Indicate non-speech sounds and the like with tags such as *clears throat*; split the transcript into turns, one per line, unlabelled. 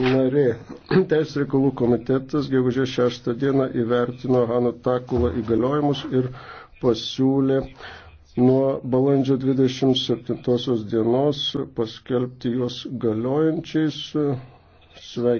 narė. *clears throat* Teisės reikalų komitetas gegužės 6 dieną įvertino Haną Takulą įgaliojimus ir pasiūlė nuo balandžio 27 dienos paskelbti juos galiojančiais.
Sveiki.